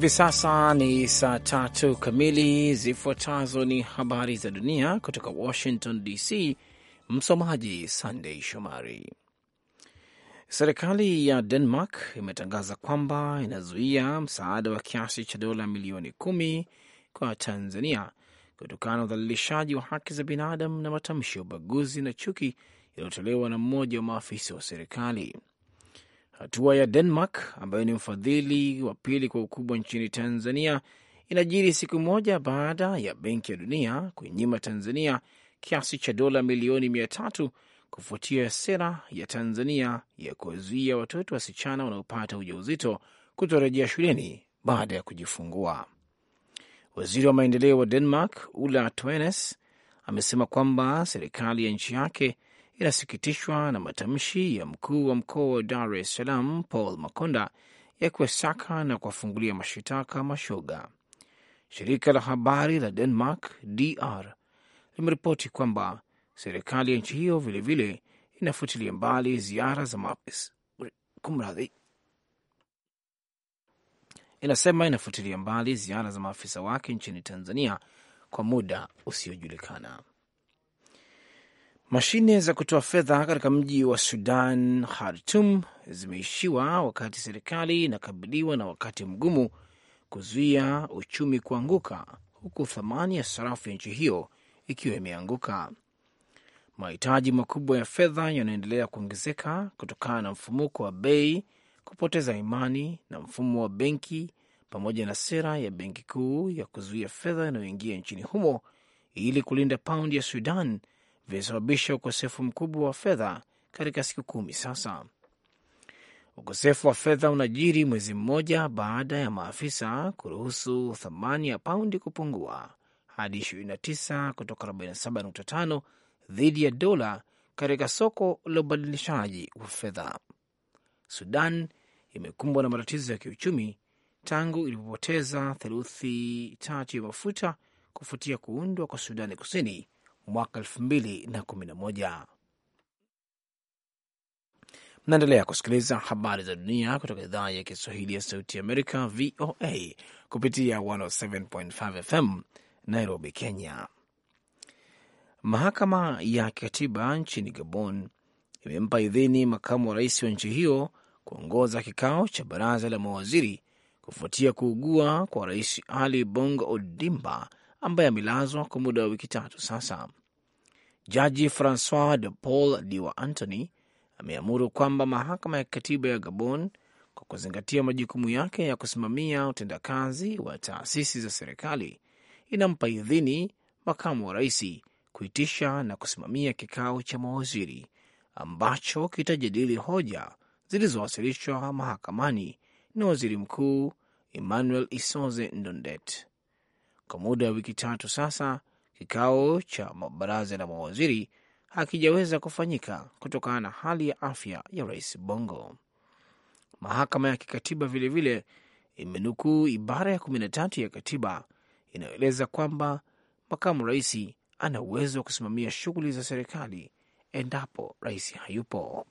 Hivi sasa ni saa tatu kamili. Zifuatazo ni habari za dunia kutoka Washington DC. Msomaji Sandei Shomari. Serikali ya Denmark imetangaza kwamba inazuia msaada wa kiasi cha dola milioni kumi kwa Tanzania kutokana na udhalilishaji wa haki za binadamu na matamshi ya ubaguzi na chuki yaliyotolewa na mmoja wa maafisa wa serikali. Hatua ya Denmark ambayo ni mfadhili wa pili kwa ukubwa nchini Tanzania inajiri siku moja baada ya Benki ya Dunia kuinyima Tanzania kiasi cha dola milioni mia tatu kufuatia sera ya Tanzania ya kuwazuia watoto wasichana wanaopata ujauzito kutorejea shuleni baada ya kujifungua. Waziri wa maendeleo wa Denmark Ulla toenes amesema kwamba serikali ya nchi yake inasikitishwa na matamshi ya mkuu wa mkoa wa Dar es Salaam Paul Makonda ya kuwasaka na kuwafungulia mashitaka mashoga. Shirika la habari la Denmark DR limeripoti kwamba serikali ya nchi hiyo vilevile inafutilia mbali ziara za maafisa kumradhi, inasema inafutilia mbali ziara za maafisa wake nchini Tanzania kwa muda usiojulikana. Mashine za kutoa fedha katika mji wa Sudan Khartum zimeishiwa wakati serikali inakabiliwa na wakati mgumu kuzuia uchumi kuanguka, huku thamani ya sarafu ya nchi hiyo ikiwa imeanguka. Mahitaji makubwa ya fedha yanaendelea kuongezeka kutokana na mfumuko wa bei, kupoteza imani na mfumo wa benki, pamoja na sera ya benki kuu ya kuzuia fedha inayoingia nchini humo ili kulinda paundi ya Sudan vimesababisha ukosefu mkubwa wa fedha katika siku kumi sasa. Ukosefu wa fedha unajiri mwezi mmoja baada ya maafisa kuruhusu thamani ya paundi kupungua hadi 29 kutoka 47.5 dhidi ya dola katika soko la ubadilishaji wa fedha. Sudan imekumbwa na matatizo ya kiuchumi tangu ilipopoteza theluthi tatu ya mafuta kufuatia kuundwa kwa Sudani Kusini mwaka Mnaendelea kusikiliza habari za dunia kutoka idhaa ya Kiswahili ya Sauti Amerika, VOA, kupitia 107.5 FM Nairobi, Kenya. Mahakama ya kikatiba nchini Gabon imempa idhini makamu wa rais wa nchi hiyo kuongoza kikao cha baraza la mawaziri kufuatia kuugua kwa rais Ali Bongo Odimba ambaye amelazwa kwa muda wa wiki tatu sasa. Jaji Francois de Paul Diwa Antony ameamuru kwamba mahakama ya katiba ya Gabon, kwa kuzingatia majukumu yake ya kusimamia utendakazi wa taasisi za serikali, inampa idhini makamu wa rais kuitisha na kusimamia kikao cha mawaziri ambacho kitajadili hoja zilizowasilishwa mahakamani na waziri mkuu Emmanuel Isoze Ndondet. Kwa muda wa wiki tatu sasa, kikao cha baraza la mawaziri hakijaweza kufanyika kutokana na hali ya afya ya rais Bongo. Mahakama ya kikatiba vilevile imenukuu ibara ya kumi na tatu ya katiba inayoeleza kwamba makamu rais ana uwezo wa kusimamia shughuli za serikali endapo rais hayupo.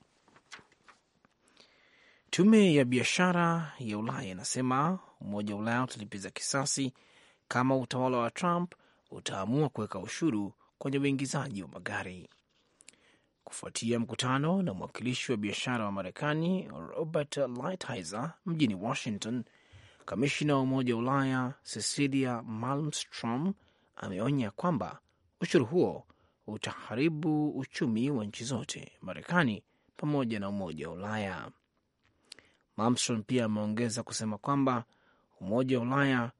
Tume ya biashara ya Ulaya inasema Umoja wa Ulaya utalipiza kisasi kama utawala wa Trump utaamua kuweka ushuru kwenye uingizaji wa magari. Kufuatia mkutano na mwakilishi wa biashara wa Marekani Robert Lighthizer mjini Washington, kamishna wa Umoja wa Ulaya Cecilia Malmstrom ameonya kwamba ushuru huo utaharibu uchumi wa nchi zote, Marekani pamoja na Umoja wa Ulaya. Malmstrom pia ameongeza kusema kwamba Umoja wa Ulaya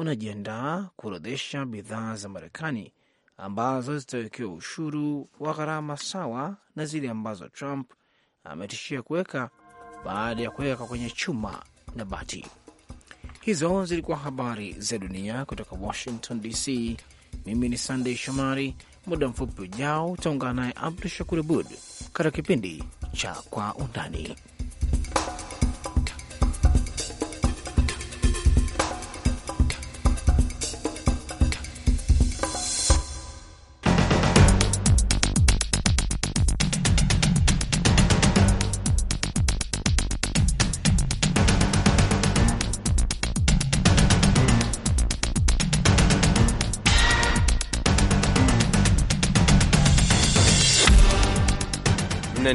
unajiandaa kuorodhesha bidhaa za Marekani ambazo zitawekewa ushuru wa gharama sawa na zile ambazo Trump ametishia kuweka baada ya kuweka kwenye chuma na bati. Hizo zilikuwa habari za dunia kutoka Washington DC. Mimi ni Sandey Shomari. Muda mfupi ujao utaungana naye Abdu Shakur Abud katika kipindi cha Kwa Undani.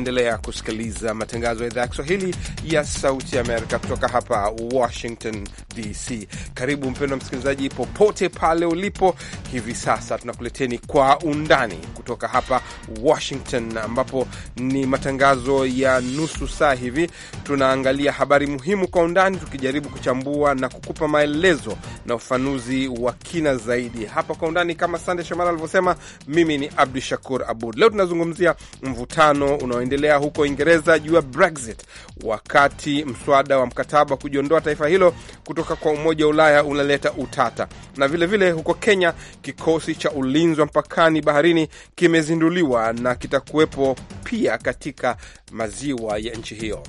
Unaendelea kusikiliza matangazo ya idhaa ya Kiswahili ya Sauti ya Amerika kutoka hapa Washington DC. Karibu mpendwa msikilizaji, popote pale ulipo hivi sasa, tunakuleteni Kwa Undani kutoka hapa Washington, ambapo ni matangazo ya nusu saa hivi. Tunaangalia habari muhimu kwa undani, tukijaribu kuchambua na kukupa maelezo na ufanuzi wa kina zaidi hapa Kwa Undani. Kama Sande Shomara alivyosema, mimi ni Abdu Shakur Abud. Leo tunazungumzia mvutano unaoendelea yanayoendelea huko Uingereza juu ya Brexit, wakati mswada wa mkataba wa kujiondoa taifa hilo kutoka kwa Umoja wa Ulaya unaleta utata. Na vilevile vile huko Kenya, kikosi cha ulinzi wa mpakani baharini kimezinduliwa na kitakuwepo pia katika maziwa ya nchi hiyo.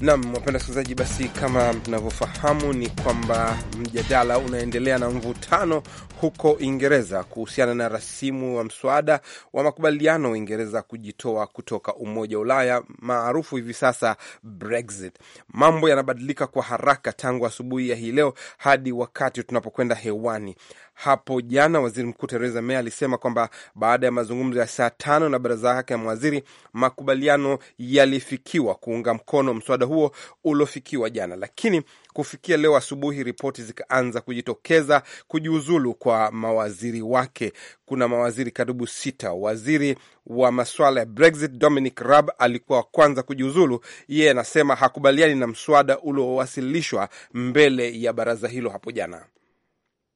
Nam, wapenda wasikilizaji, basi kama mnavyofahamu ni kwamba mjadala unaendelea na mvutano huko Uingereza kuhusiana na rasimu wa mswada wa makubaliano Uingereza kujitoa kutoka Umoja wa Ulaya maarufu hivi sasa Brexit. Mambo yanabadilika kwa haraka tangu asubuhi ya hii leo hadi wakati tunapokwenda hewani hapo jana, waziri mkuu Theresa May alisema kwamba baada ya mazungumzo ya saa tano na baraza yake ya mawaziri, makubaliano yalifikiwa kuunga mkono mswada huo uliofikiwa jana, lakini kufikia leo asubuhi ripoti zikaanza kujitokeza kujiuzulu kwa mawaziri wake. Kuna mawaziri karibu sita. Waziri wa masuala ya Brexit Dominic Raab alikuwa wa kwanza kujiuzulu. Yeye anasema hakubaliani na mswada uliowasilishwa mbele ya baraza hilo hapo jana.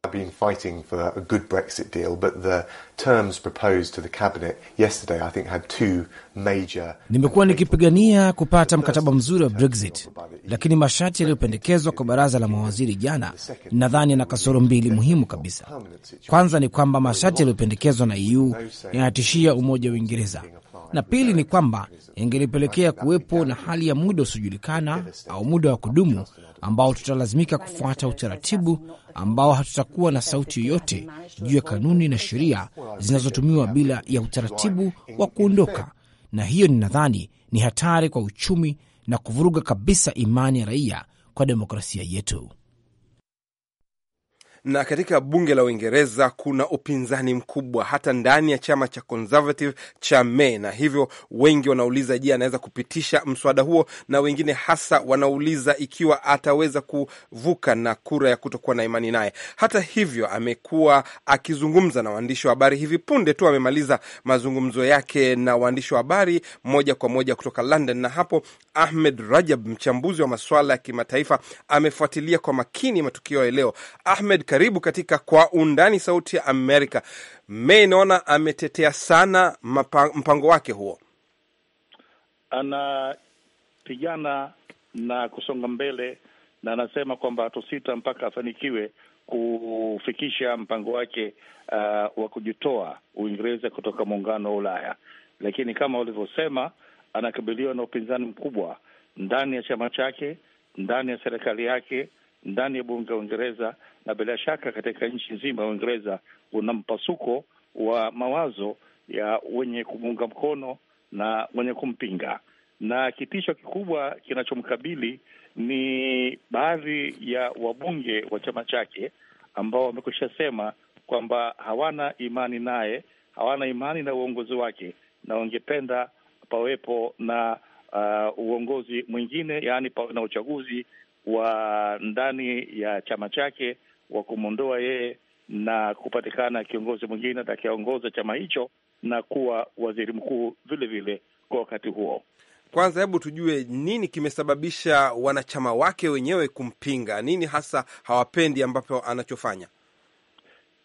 I've been fighting for a good Brexit deal, but the terms proposed to the cabinet yesterday I think had two major. Nimekuwa nikipigania kupata mkataba mzuri wa Brexit, lakini masharti yaliyopendekezwa kwa baraza la mawaziri jana, nadhani yana kasoro mbili muhimu kabisa. Kwanza ni kwamba masharti yaliyopendekezwa na EU yanatishia umoja wa Uingereza na pili ni kwamba ingelipelekea kuwepo na hali ya muda usiojulikana au muda wa kudumu ambao tutalazimika kufuata utaratibu ambao hatutakuwa na sauti yoyote juu ya kanuni na sheria zinazotumiwa bila ya utaratibu wa kuondoka, na hiyo ninadhani ni hatari kwa uchumi na kuvuruga kabisa imani ya raia kwa demokrasia yetu. Na katika bunge la Uingereza kuna upinzani mkubwa hata ndani ya chama cha Conservative cha May, na hivyo wengi wanauliza, je, anaweza kupitisha mswada huo? Na wengine hasa wanauliza ikiwa ataweza kuvuka na kura ya kutokuwa na imani naye. Hata hivyo, amekuwa akizungumza na waandishi wa habari. Hivi punde tu amemaliza mazungumzo yake na waandishi wa habari moja kwa moja kutoka London, na hapo Ahmed Rajab, mchambuzi wa masuala ya kimataifa, amefuatilia kwa makini matukio ya leo. Ahmed karibu katika Kwa Undani, Sauti ya Amerika. May naona ametetea sana mpango wake huo, anapigana na kusonga mbele na anasema kwamba hatusita mpaka afanikiwe kufikisha mpango wake uh, wa kujitoa Uingereza kutoka muungano wa Ulaya. Lakini kama ulivyosema, anakabiliwa na upinzani mkubwa ndani ya chama chake, ndani ya serikali yake ndani ya bunge la Uingereza na bila shaka katika nchi nzima ya Uingereza una mpasuko wa mawazo ya wenye kumuunga mkono na wenye kumpinga, na kitisho kikubwa kinachomkabili ni baadhi ya wabunge wa chama chake ambao wamekwisha sema kwamba hawana imani naye, hawana imani na uongozi wake na wangependa pawepo na uh, uongozi mwingine, yaani pawe na uchaguzi wa ndani ya chama chake wa kumwondoa yeye na kupatikana kiongozi mwingine atakayeongoza chama hicho na kuwa waziri mkuu vile vile kwa wakati huo. Kwanza hebu tujue nini kimesababisha wanachama wake wenyewe kumpinga. Nini hasa hawapendi ambapo anachofanya?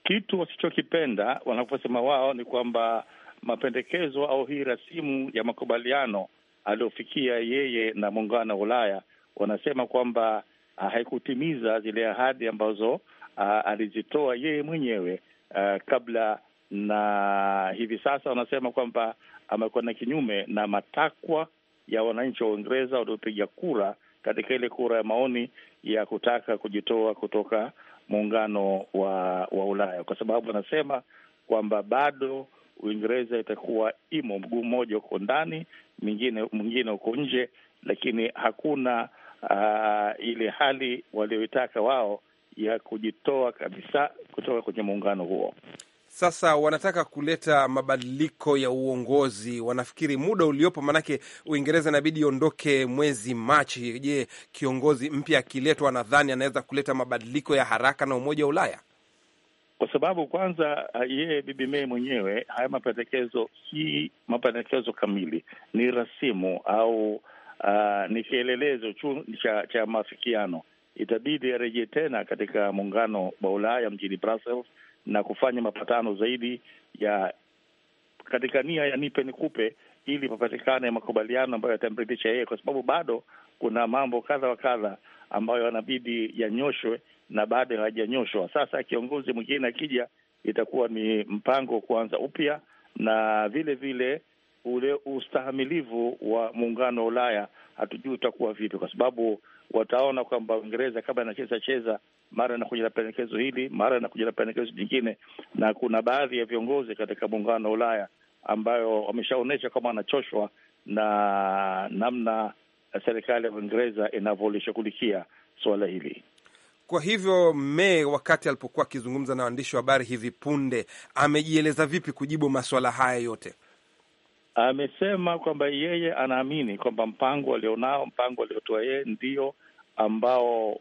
Kitu wasichokipenda wanaposema wao ni kwamba mapendekezo au hii rasimu ya makubaliano aliyofikia yeye na muungano wa Ulaya wanasema kwamba uh, haikutimiza zile ahadi ambazo uh, alizitoa yeye mwenyewe uh, kabla, na hivi sasa wanasema kwamba na kinyume na matakwa ya wananchi wa Uingereza waliopiga kura katika ile kura ya maoni ya kutaka kujitoa kutoka muungano wa wa Ulaya, kwa sababu wanasema kwamba bado Uingereza itakuwa imo mguu mmoja uko ndani, mwingine mwingine uko nje, lakini hakuna uh, ile hali walioitaka wao ya kujitoa kabisa kutoka kwenye muungano huo. Sasa wanataka kuleta mabadiliko ya uongozi, wanafikiri muda uliopo, maanake Uingereza inabidi iondoke mwezi Machi. Je, kiongozi mpya akiletwa, nadhani anaweza kuleta mabadiliko ya haraka na umoja wa Ulaya? Kwa sababu kwanza uh, yeye Bibi Mei mwenyewe haya mapendekezo, si mapendekezo kamili, ni rasimu au uh, ni kielelezo cha, cha maafikiano. Itabidi arejee tena katika muungano wa Ulaya mjini Brussels na kufanya mapatano zaidi ya katika nia ya nipe nikupe, ili papatikane makubaliano ambayo yatamridhisha yeye, kwa sababu bado kuna mambo kadha wa kadha ambayo yanabidi yanyoshwe na bado hayajanyoshwa. Sasa kiongozi mwingine akija, itakuwa ni mpango kuanza upya na vile vile ule ustahamilivu wa muungano wa Ulaya hatujui utakuwa vipi, kwa sababu wataona kwamba Uingereza kama inacheza cheza, mara inakuja na pendekezo hili, mara inakuja na pendekezo jingine, na kuna baadhi ya viongozi katika muungano wa Ulaya ambayo wameshaonyesha kama wanachoshwa na namna serikali ya Uingereza inavyolishughulikia suala hili. Kwa hivyo May, wakati alipokuwa akizungumza na waandishi wa habari hivi punde, amejieleza vipi kujibu masuala haya yote? amesema kwamba yeye anaamini kwamba mpango alionao, mpango aliotoa yeye ndio ambao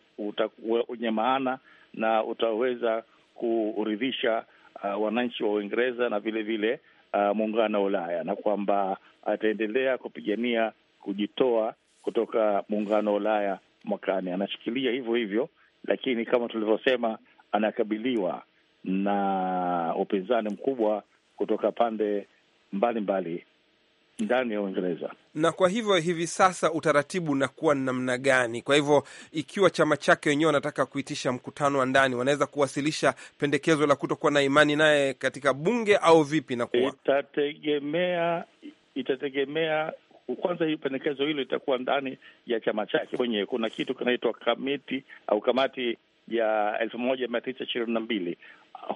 wenye maana na utaweza kuridhisha uh, wananchi wa Uingereza na vilevile uh, muungano wa Ulaya na kwamba ataendelea kupigania kujitoa kutoka muungano wa Ulaya mwakani. Anashikilia hivyo hivyo, lakini kama tulivyosema, anakabiliwa na upinzani mkubwa kutoka pande mbalimbali mbali ndani ya Uingereza. Na kwa hivyo hivi sasa utaratibu unakuwa namna gani? Kwa hivyo ikiwa chama chake wenyewe wanataka kuitisha mkutano wa ndani, wanaweza kuwasilisha pendekezo la kutokuwa na imani naye katika bunge au vipi? Na kuwa itategemea itategemea kwanza hii pendekezo hilo itakuwa ndani ya chama chake kwenyewe. Kuna kitu kinaitwa kamiti au kamati ya elfu moja mia tisa ishirini na mbili.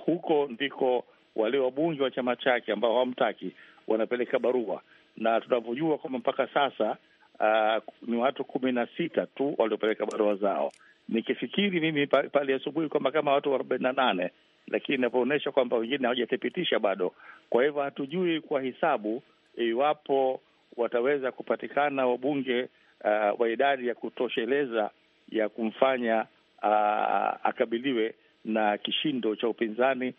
Huko ndiko wale wabunge wa chama chake ambao hawamtaki wanapeleka barua na tunavyojua kwamba mpaka sasa uh, ni watu kumi na sita tu waliopeleka barua zao. Nikifikiri mimi pale asubuhi kwamba kama watu arobaini na nane, lakini inavyoonyesha kwamba wengine hawajathibitisha bado. Kwa hivyo hatujui kwa hesabu iwapo wataweza kupatikana wabunge uh, wa idadi ya kutosheleza ya kumfanya uh, akabiliwe na kishindo cha upinzani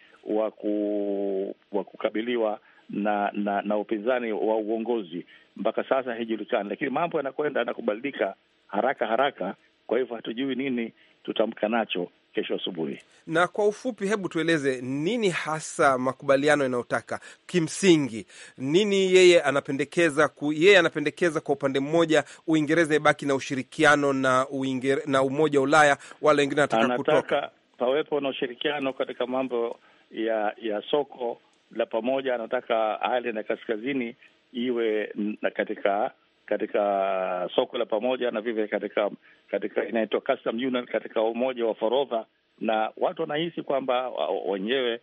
wa kukabiliwa na na, na upinzani wa uongozi mpaka sasa haijulikani, lakini mambo yanakwenda yanakubadilika haraka haraka. Kwa hivyo hatujui nini tutamka nacho kesho asubuhi. Na kwa ufupi, hebu tueleze nini hasa makubaliano yanayotaka kimsingi, nini yeye anapendekeza ku, yeye anapendekeza kwa upande mmoja Uingereza ibaki na ushirikiano na, uingere, na Umoja wa Ulaya, wale wengine anataka kutoka, pawepo na ushirikiano katika mambo ya ya soko la pamoja, anataka Ireland ya kaskazini iwe na katika katika soko la pamoja na vivyo katika katika inaitwa custom union, katika umoja wa forodha, na watu wanahisi kwamba wenyewe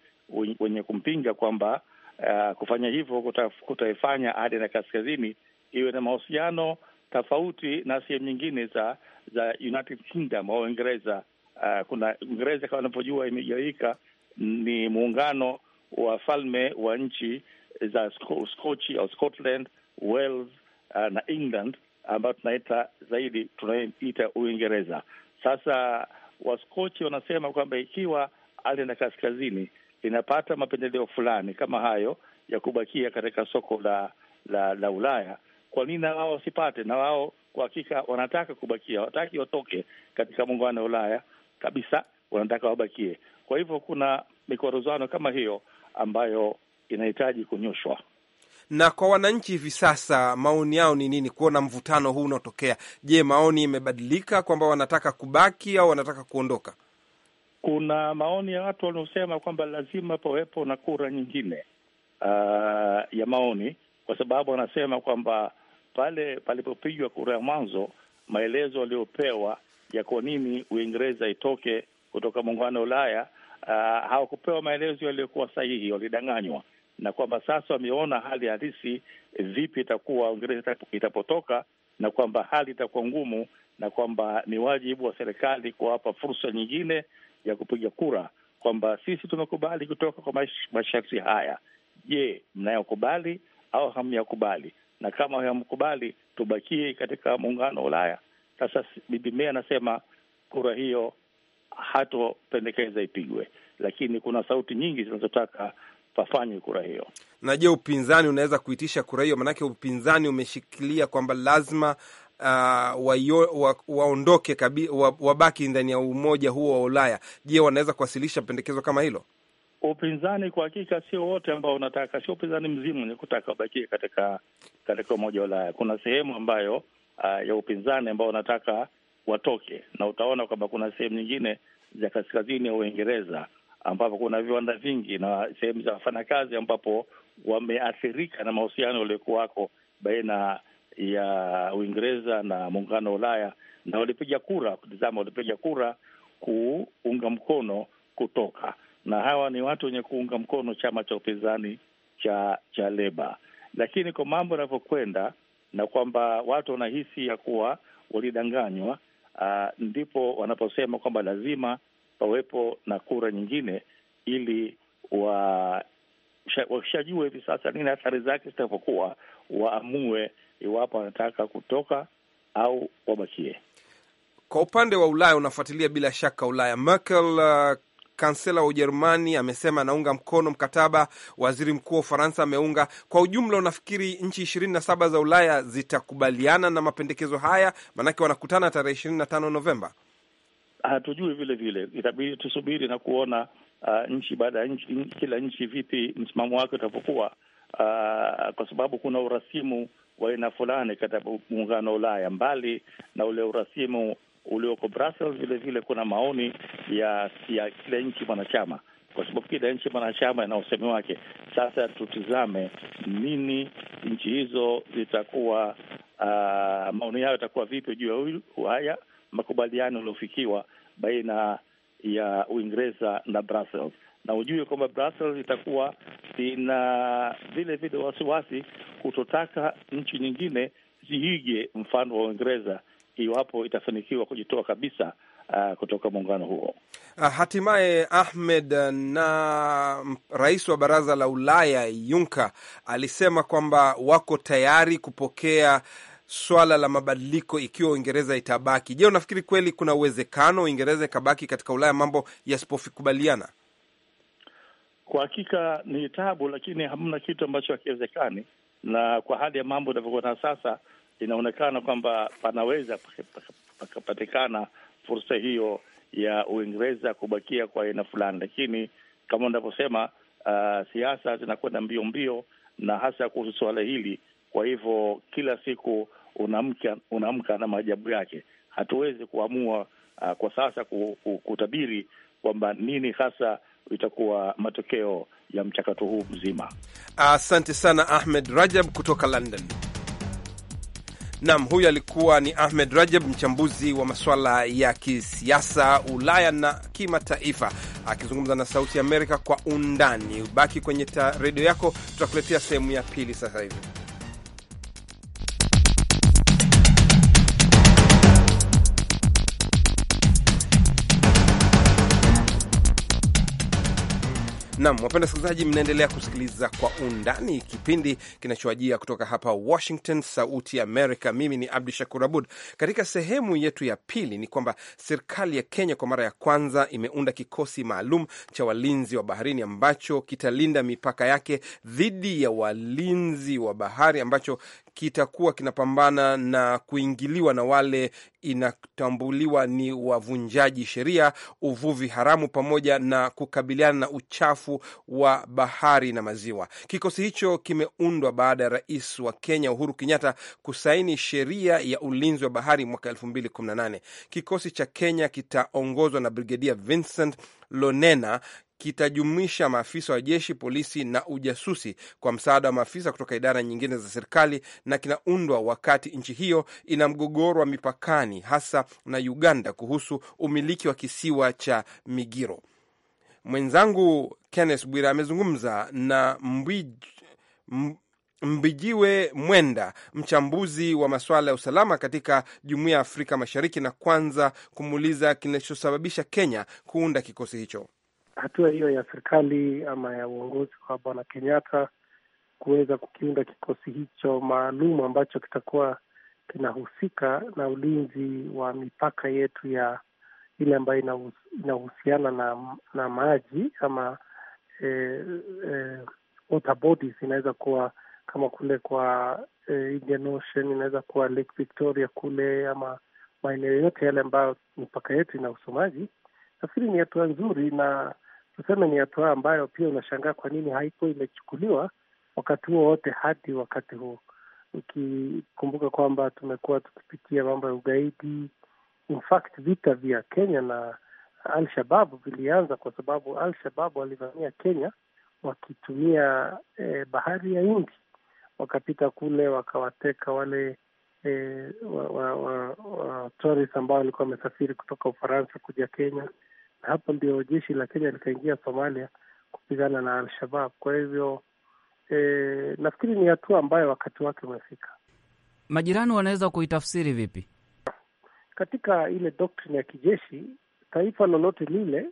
wenye kumpinga kwamba uh, kufanya hivyo kutaifanya kuta Ireland ya kaskazini iwe na mahusiano tofauti na sehemu nyingine za za United Kingdom au Uingereza. Uh, kuna Uingereza kama anavyojua imegawika, ni muungano wafalme wa nchi za Skochi au uh, Scotland, Wales uh, na England ambayo tunaita zaidi tunaita Uingereza. Sasa Waskochi wanasema kwamba ikiwa Ireland ya kaskazini inapata mapendeleo fulani kama hayo ya kubakia katika soko la la, la Ulaya, kwa nini na wao wasipate? Na wao kwa hakika wanataka kubakia, wataki watoke katika muungano wa Ulaya kabisa, wanataka wabakie. Kwa hivyo kuna mikorozano kama hiyo ambayo inahitaji kunyoshwa. Na kwa wananchi hivi sasa, maoni yao ni nini kuona mvutano huu unaotokea? Je, maoni imebadilika kwamba wanataka kubaki au wanataka kuondoka? Kuna maoni ya watu wanaosema kwamba lazima pawepo na kura nyingine uh, ya maoni, kwa sababu wanasema kwamba pale palipopigwa kura ya mwanzo, maelezo waliopewa ya kwa nini Uingereza itoke kutoka muungano wa Ulaya uh, hawakupewa maelezo yaliyokuwa sahihi, walidanganywa na kwamba sasa wameona hali halisi vipi itakuwa Uingereza itapotoka, na kwamba hali itakuwa ngumu, na kwamba ni wajibu wa serikali kuwapa fursa nyingine ya kupiga kura kwamba sisi tumekubali kutoka kwa masharti haya. Je, mnayokubali au hamyakubali? Na kama hamkubali, tubakie katika muungano wa Ulaya. Sasa Bibi Mea anasema kura hiyo hatopendekeza ipigwe, lakini kuna sauti nyingi zinazotaka pafanywe kura hiyo. Na je, upinzani unaweza kuitisha kura hiyo? Maanake upinzani umeshikilia kwamba lazima Uh, wayo, wa, waondoke kabi, wa, wabaki ndani ya umoja huo wa Ulaya. Je, wanaweza kuwasilisha pendekezo kama hilo? Upinzani kwa hakika sio wote ambao unataka, sio upinzani mzima wenye kutaka wabakie katika katika umoja wa Ulaya. Kuna sehemu ambayo uh, ya upinzani ambao unataka watoke, na utaona kwamba kuna sehemu nyingine za kaskazini ya Uingereza ambapo kuna viwanda vingi na sehemu za wafanyakazi ambapo wameathirika na mahusiano yaliyokuwako baina ya Uingereza na muungano wa Ulaya, na walipiga kura kutizama, walipiga kura kuunga mkono kutoka, na hawa ni watu wenye kuunga mkono chama cha upinzani cha cha Leba. Lakini kwa mambo yanavyokwenda na kwamba watu wanahisi ya kuwa walidanganywa, uh, ndipo wanaposema kwamba lazima pawepo na kura nyingine ili wa washajua hivi sasa nini athari zake zitakapokuwa, waamue iwapo wanataka kutoka au wabakie. Kwa upande wa Ulaya unafuatilia bila shaka Ulaya, Merkel ah, kansela wa Ujerumani amesema anaunga mkono mkataba, waziri mkuu wa Ufaransa ameunga. Kwa ujumla, unafikiri nchi ishirini na saba za Ulaya zitakubaliana na mapendekezo haya? Maanake wanakutana tarehe ishirini na tano Novemba. Hatujui vile vile, itabidi tusubiri na kuona uh, nchi baada ya nchi, kila nchi vipi msimamo wake utapokuwa, uh, kwa sababu kuna urasimu wa aina fulani katika muungano wa Ulaya, mbali na ule urasimu ulioko Brussels. vile kuna maoni ya ya kila nchi mwanachama, kwa sababu kila nchi mwanachama ina usemi wake. Sasa tutizame nini nchi hizo zitakuwa, uh, maoni yao yatakuwa vipi juu ya haya makubaliano yaliyofikiwa baina ya Uingereza na Brussels na ujue kwamba Brussels itakuwa ina vile vile wasiwasi kutotaka nchi nyingine ziige mfano wa Uingereza iwapo itafanikiwa kujitoa kabisa uh, kutoka muungano huo. Uh, hatimaye Ahmed, uh, na rais wa baraza la Ulaya yunka alisema kwamba wako tayari kupokea swala la mabadiliko ikiwa Uingereza itabaki. Je, unafikiri kweli kuna uwezekano Uingereza ikabaki katika Ulaya mambo yasipokubaliana? Kwa hakika ni tabu, lakini hamna kitu ambacho hakiwezekani, na kwa hali ya mambo inavyokuwa sasa inaonekana kwamba panaweza pakapatikana fursa hiyo ya Uingereza kubakia kwa aina fulani, lakini kama unavyosema, uh, siasa zinakwenda mbio mbio na hasa kuhusu suala hili. Kwa hivyo kila siku unaamka na maajabu yake. Hatuwezi kuamua uh, kwa sasa kutabiri kwamba nini hasa itakuwa matokeo ya mchakato huu mzima. Asante uh, sana Ahmed Rajab kutoka London. Nam, huyu alikuwa ni Ahmed Rajab, mchambuzi wa masuala ya kisiasa Ulaya na kimataifa, akizungumza na Sauti ya Amerika kwa undani. Ubaki kwenye redio yako, tutakuletea sehemu ya pili sasa hivi. Nam, wapenda wasikilizaji, mnaendelea kusikiliza Kwa Undani, kipindi kinachoajia kutoka hapa Washington, Sauti ya Amerika. Mimi ni Abdu Shakur Abud. Katika sehemu yetu ya pili, ni kwamba serikali ya Kenya kwa mara ya kwanza imeunda kikosi maalum cha walinzi wa baharini ambacho kitalinda mipaka yake dhidi ya walinzi wa bahari ambacho kitakuwa kinapambana na kuingiliwa na wale inatambuliwa ni wavunjaji sheria, uvuvi haramu, pamoja na kukabiliana na uchafu wa bahari na maziwa. Kikosi hicho kimeundwa baada ya rais wa Kenya Uhuru Kenyatta kusaini sheria ya ulinzi wa bahari mwaka 2018. Kikosi cha Kenya kitaongozwa na Brigedia Vincent Lonena kitajumuisha maafisa wa jeshi, polisi na ujasusi kwa msaada wa maafisa kutoka idara nyingine za serikali, na kinaundwa wakati nchi hiyo ina mgogoro wa mipakani, hasa na Uganda kuhusu umiliki wa kisiwa cha Migiro. Mwenzangu Kenneth Bwira amezungumza na Mbij... Mbijiwe Mwenda, mchambuzi wa masuala ya usalama katika Jumuiya ya Afrika Mashariki, na kwanza kumuuliza kinachosababisha Kenya kuunda kikosi hicho hatua hiyo ya serikali ama ya uongozi wa bwana Kenyatta kuweza kukiunda kikosi hicho maalum ambacho kitakuwa kinahusika na ulinzi wa mipaka yetu ya ile ambayo inahusiana na na maji ama eh, eh, water bodies inaweza kuwa kama kule kwa eh, Indian Ocean, inaweza kuwa Lake Victoria kule ama maeneo yote yale ambayo mipaka yetu inahusu maji. Nafikiri ni hatua nzuri na tuseme ni hatua ambayo pia unashangaa kwa nini haiko imechukuliwa wakati huo wote hadi wakati huo ukikumbuka kwamba tumekuwa tukipitia mambo ya ugaidi. In fact vita vya Kenya na Alshababu vilianza kwa sababu Alshababu walivamia Kenya wakitumia eh, bahari ya Hindi, wakapita kule wakawateka wale eh, wa, wa, wa, wa tourist ambao walikuwa wamesafiri kutoka Ufaransa kuja Kenya hapo ndio jeshi la Kenya likaingia Somalia kupigana na Al-Shabab. Kwa hivyo e, nafikiri ni hatua ambayo wakati wake umefika. Majirani wanaweza kuitafsiri vipi? Katika ile doktrini ya kijeshi, taifa lolote lile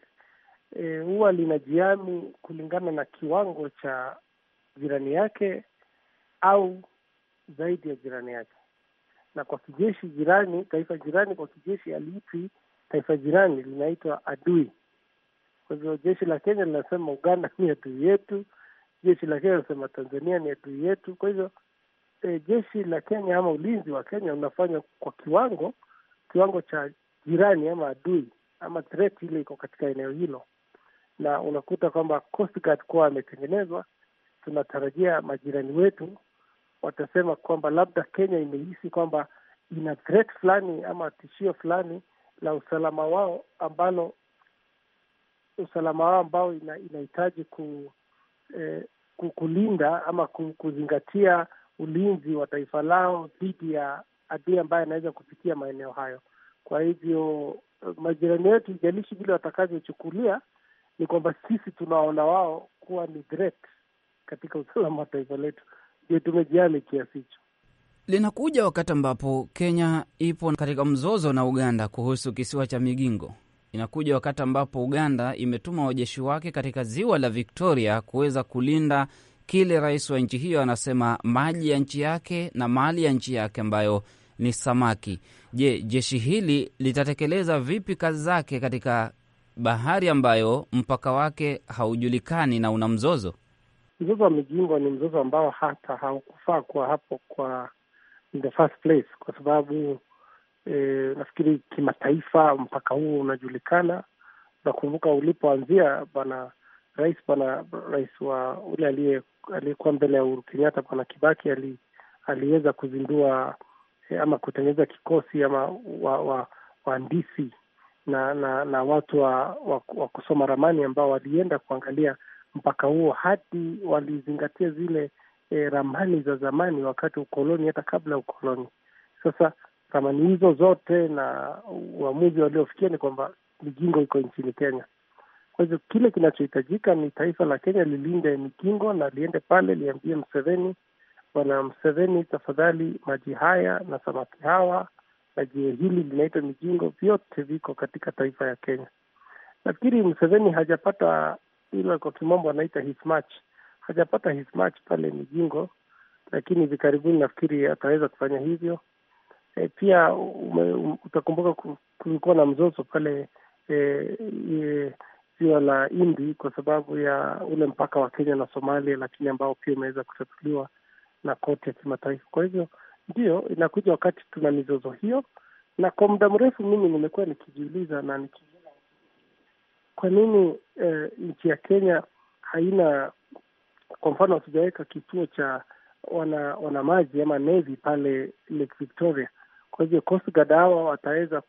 eh, huwa e, linajiami kulingana na kiwango cha jirani yake au zaidi ya jirani yake. Na kwa kijeshi jirani, taifa jirani kwa kijeshi aliitwi taifa jirani linaitwa adui. Kwa hivyo jeshi la Kenya linasema Uganda ni adui yetu, jeshi la Kenya linasema Tanzania ni adui yetu. Kwa hivyo e, jeshi la Kenya ama ulinzi wa Kenya unafanywa kwa kiwango kiwango cha jirani ama adui ama threat ile iko katika eneo hilo, na unakuta kwamba Coast Guard kuwa ametengenezwa, tunatarajia majirani wetu watasema kwamba labda Kenya imehisi kwamba ina threat fulani ama tishio fulani la usalama wao ambalo usalama wao ambao inahitaji ku, eh, kulinda ama kuzingatia ulinzi wa taifa lao dhidi ya adui ambaye anaweza kufikia maeneo hayo. Kwa hivyo eh, majirani wetu, ijalishi vile watakavyochukulia, ni kwamba sisi tunaona wao kuwa ni threat katika usalama wa taifa letu, ndio tumejiali kiasi hicho linakuja wakati ambapo Kenya ipo katika mzozo na Uganda kuhusu kisiwa cha Migingo. Inakuja wakati ambapo Uganda imetuma wajeshi wake katika ziwa la Victoria kuweza kulinda kile rais wa nchi hiyo anasema maji ya nchi yake na mali ya nchi yake ambayo ni samaki. Je, jeshi hili litatekeleza vipi kazi zake katika bahari ambayo mpaka wake haujulikani na una mzozo? Mzozo wa Migingo ni mzozo ambao hata haukufaa kwa hapo kwa in the first place, kwa sababu eh, nafikiri kimataifa mpaka huo unajulikana. Nakumbuka ulipoanzia bana rais bana rais wa ule aliyekuwa mbele ya Uhuru Kenyatta bwana Kibaki ali, aliweza kuzindua eh, ama kutengeneza kikosi ama wahandisi wa, wa na, na na watu wa, wa, wa kusoma ramani ambao walienda kuangalia mpaka huo hadi walizingatia zile e, ramani za zamani wakati ukoloni, hata kabla ya ukoloni. Sasa ramani hizo zote na uamuzi waliofikia ni kwamba migingo iko nchini Kenya. Kwa hivyo kile kinachohitajika ni taifa la Kenya lilinde migingo na liende pale liambie Mseveni, Bwana Mseveni, tafadhali maji haya na samaki hawa na jiwe hili linaitwa mijingo vyote viko katika taifa ya Kenya. Nafikiri Mseveni hajapata ile kwa kimombo anaita his match hajapata his match pale Mijingo, lakini hivi karibuni nafikiri ataweza kufanya hivyo. E, pia ume, um, utakumbuka kulikuwa na mzozo pale e, e, ziwa la Indi kwa sababu ya ule mpaka wa Kenya na Somalia, lakini ambao pia umeweza kutatuliwa na koti ya kimataifa. Kwa hivyo ndiyo inakuja wakati tuna mizozo hiyo, na kwa muda mrefu mimi nimekuwa nikijiuliza na nikijiuliza kwa nini eh, nchi ya Kenya haina kwa mfano hatujaweka kituo cha wana wana maji ama nevi pale Lake Victoria. Kwa hivyo Coast Guard hawa wataweza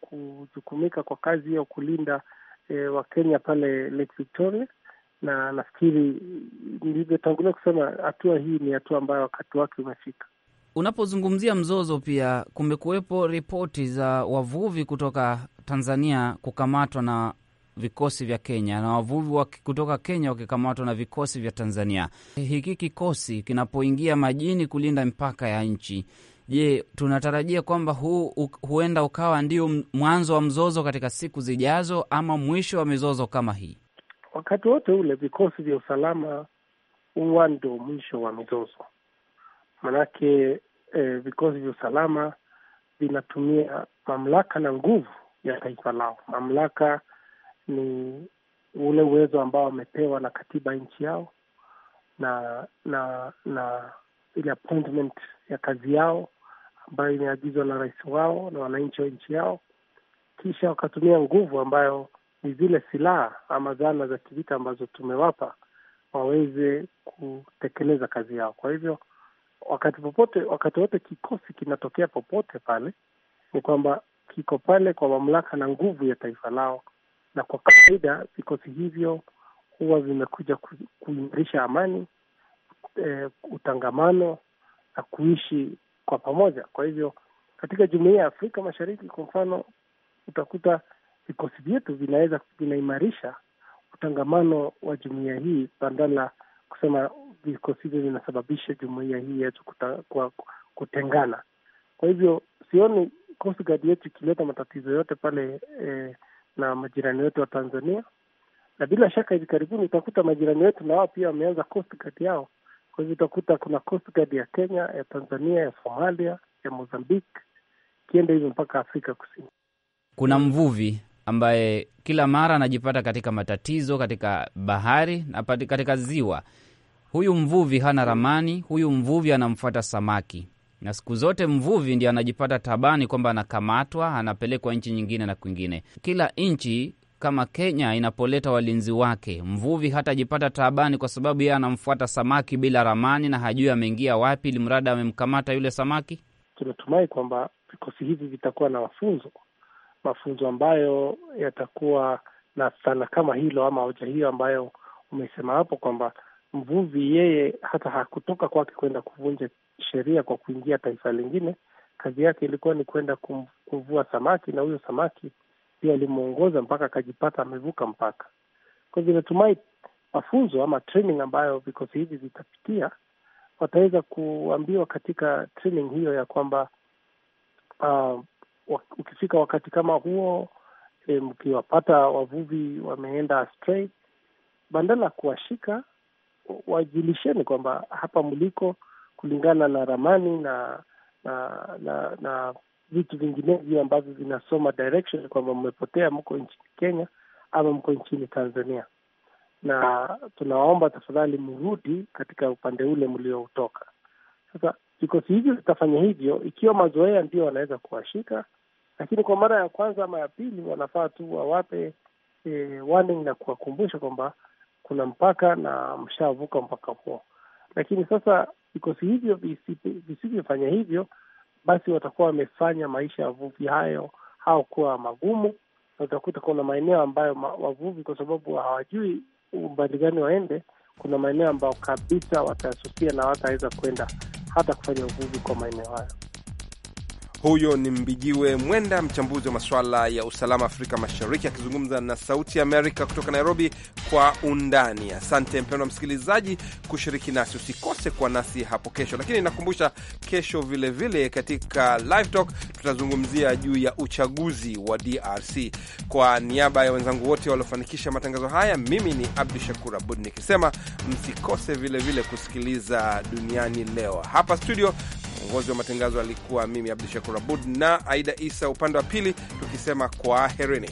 kujukumika kwa kazi hiyo kulinda e, eh, Wakenya pale Lake Victoria, na nafikiri nilivyotangulia kusema, hatua hii ni hatua ambayo wakati wake umefika. Unapozungumzia mzozo, pia kumekuwepo ripoti za wavuvi kutoka Tanzania kukamatwa na vikosi vya Kenya na wavuvi kutoka Kenya wakikamatwa na vikosi vya Tanzania. Hiki kikosi kinapoingia majini kulinda mipaka ya nchi, je, tunatarajia kwamba huu huenda ukawa ndio mwanzo wa mzozo katika siku zijazo ama mwisho wa mizozo kama hii? Wakati wote ule vikosi vya usalama huwa ndo mwisho wa mizozo, manake eh, vikosi vya usalama vinatumia mamlaka na nguvu ya taifa lao, mamlaka ni ule uwezo ambao wamepewa na katiba nchi yao na na na ile appointment ya kazi yao ambayo imeagizwa na rais wao na wananchi wa nchi yao, kisha wakatumia nguvu ambayo ni zile silaha ama zana za kivita ambazo tumewapa waweze kutekeleza kazi yao. Kwa hivyo wakati popote, wakati wote kikosi kinatokea popote pale, ni kwamba kiko pale kwa mamlaka na nguvu ya taifa lao na kwa kawaida vikosi hivyo huwa vimekuja kuimarisha amani e, utangamano na kuishi kwa pamoja. Kwa hivyo katika jumuia ya Afrika Mashariki kwa mfano, utakuta vikosi vyetu vinaweza vinaimarisha utangamano wa jumuia hii badala kusema vikosi hivyo vinasababisha jumuia hii yetu kutengana. Kwa hivyo sioni kosigadi yetu ikileta matatizo yote pale eh, na majirani wetu wa Tanzania, na bila shaka hivi karibuni utakuta majirani wetu na wao pia wameanza coast guard yao. Kwa hivyo utakuta kuna coast guard ya Kenya, ya Tanzania, ya Somalia, ya Mozambique, kienda hivyo mpaka Afrika Kusini. Kuna mvuvi ambaye kila mara anajipata katika matatizo katika bahari na katika ziwa. Huyu mvuvi hana ramani, huyu mvuvi anamfuata samaki na siku zote mvuvi ndio anajipata tabani kwamba anakamatwa, anapelekwa nchi nyingine na kwingine. Kila nchi kama Kenya inapoleta walinzi wake, mvuvi hatajipata taabani kwa sababu yeye anamfuata samaki bila ramani na hajui ameingia wapi, ili mrada amemkamata yule samaki. Tunatumai kwamba vikosi hivi vitakuwa na mafunzo, mafunzo ambayo yatakuwa na sana kama hilo ama hoja hiyo ambayo umesema hapo kwamba mvuvi yeye hata hakutoka kwake kwenda kuvunja sheria kwa kuingia taifa lingine, kazi yake ilikuwa ni kwenda kuvua samaki, na huyo samaki pia alimwongoza mpaka akajipata amevuka mpaka. Kwa hivyo natumai mafunzo ama training ambayo vikosi hivi vitapitia, wataweza kuambiwa katika training hiyo ya kwamba uh, ukifika wakati kama huo e, mkiwapata wavuvi wameenda astray, badala ya kuwashika, wajulisheni kwamba hapa mliko kulingana na ramani na na na, na vitu vinginevyo ambavyo vinasoma direction kwamba mmepotea, mko nchini Kenya ama mko nchini Tanzania, na tunawaomba tafadhali mrudi katika upande ule mlioutoka. Sasa vikosi hivyo vitafanya hivyo ikiwa mazoea ndio wanaweza kuwashika, lakini kwa mara ya kwanza ama ya pili wanafaa tu wawape eh, warning na kuwakumbusha kwamba kuna mpaka na mshavuka mpaka huo. Lakini sasa vikosi hivyo visivyofanya hivyo, basi watakuwa wamefanya maisha ya wavuvi hayo au kuwa magumu, na utakuta kuna maeneo ambayo ma, wavuvi kwa sababu hawajui umbali gani waende, kuna maeneo ambayo kabisa watasusia na wataweza kwenda hata kufanya uvuvi kwa maeneo hayo. Huyo ni Mbijiwe Mwenda, mchambuzi wa masuala ya usalama Afrika Mashariki, akizungumza na Sauti Amerika kutoka Nairobi. Kwa undani. Asante mpendwa msikilizaji kushiriki nasi, usikose kuwa nasi hapo kesho. Lakini nakumbusha, kesho vilevile vile katika Live Talk tutazungumzia juu ya uchaguzi wa DRC. Kwa niaba ya wenzangu wote waliofanikisha matangazo haya, mimi ni Abdu Shakur Abud nikisema msikose vilevile vile kusikiliza Duniani Leo hapa studio. Mwongozi wa matangazo alikuwa mimi Abdu Shakur Abud na Aida Isa upande wa pili, tukisema kwa herini